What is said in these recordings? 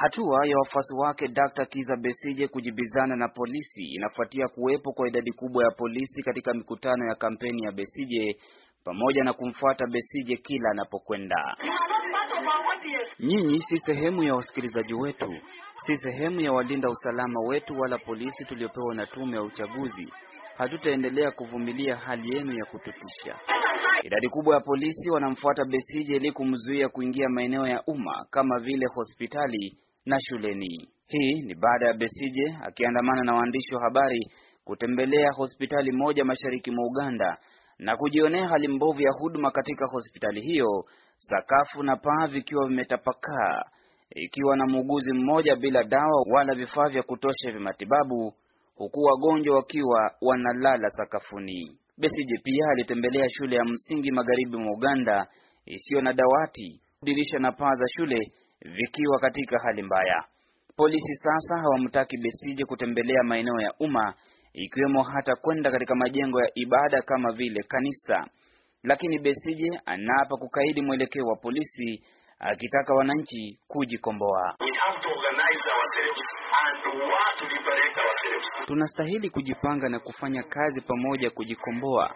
Hatua ya wafuasi wake Dr. Kiza Besije kujibizana na polisi inafuatia kuwepo kwa idadi kubwa ya polisi katika mikutano ya kampeni ya Besije pamoja na kumfuata Besije kila anapokwenda. Nyinyi si sehemu ya wasikilizaji wetu, si sehemu ya walinda usalama wetu wala polisi tuliopewa na tume ya uchaguzi. Hatutaendelea kuvumilia hali yenu ya kututisha. Idadi kubwa ya polisi wanamfuata Besije ili kumzuia kuingia maeneo ya umma kama vile hospitali, na shuleni. Hii ni baada ya Besije akiandamana na waandishi wa habari kutembelea hospitali moja mashariki mwa Uganda na kujionea hali mbovu ya huduma katika hospitali hiyo, sakafu na paa vikiwa vimetapakaa, ikiwa na muuguzi mmoja bila dawa wala vifaa vya kutosha vya matibabu, huku wagonjwa wakiwa wanalala sakafuni. Besije pia alitembelea shule ya msingi magharibi mwa Uganda isiyo na dawati, dirisha na paa za shule vikiwa katika hali mbaya. Polisi sasa hawamtaki Besije kutembelea maeneo ya umma ikiwemo hata kwenda katika majengo ya ibada kama vile kanisa. Lakini Besije anaapa kukaidi mwelekeo wa polisi akitaka wananchi kujikomboa. Tunastahili kujipanga na kufanya kazi pamoja kujikomboa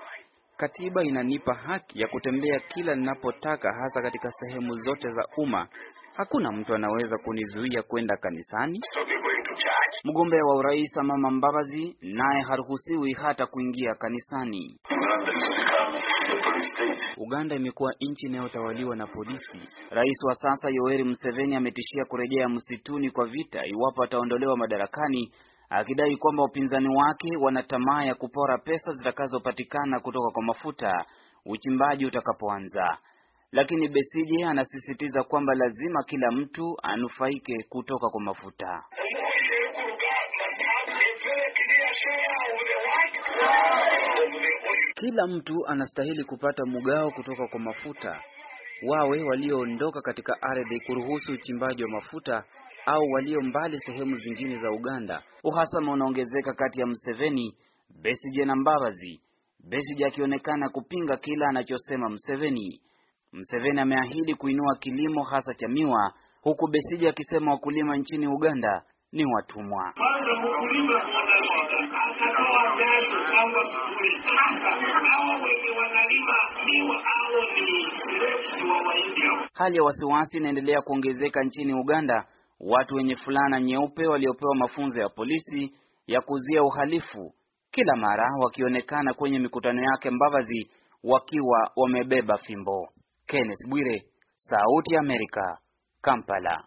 Katiba inanipa haki ya kutembea kila ninapotaka, hasa katika sehemu zote za umma. Hakuna mtu anaweza kunizuia kwenda kanisani. Mgombea wa urais Amama Mbabazi naye haruhusiwi hata kuingia kanisani. Uganda imekuwa nchi inayotawaliwa na polisi. Rais wa sasa Yoweri Museveni ametishia kurejea msituni kwa vita iwapo ataondolewa madarakani akidai kwamba wapinzani wake wana tamaa ya kupora pesa zitakazopatikana kutoka kwa mafuta uchimbaji utakapoanza. Lakini Besije anasisitiza kwamba lazima kila mtu anufaike kutoka kwa mafuta. Kila mtu anastahili kupata mgao kutoka kwa mafuta, wawe walioondoka katika ardhi kuruhusu uchimbaji wa mafuta au walio mbali sehemu zingine za Uganda. Uhasama unaongezeka kati ya Mseveni, Besigye na Mbabazi, Besigye akionekana kupinga kila anachosema Mseveni. Mseveni ameahidi kuinua kilimo hasa cha miwa, huku Besigye akisema wakulima nchini Uganda ni watumwa. Hali ya wasiwasi inaendelea kuongezeka nchini Uganda watu wenye fulana nyeupe waliopewa mafunzo ya polisi ya kuzia uhalifu, kila mara wakionekana kwenye mikutano yake Mbavazi wakiwa wamebeba fimbo. Kenneth Bwire, Sauti ya Amerika, Kampala.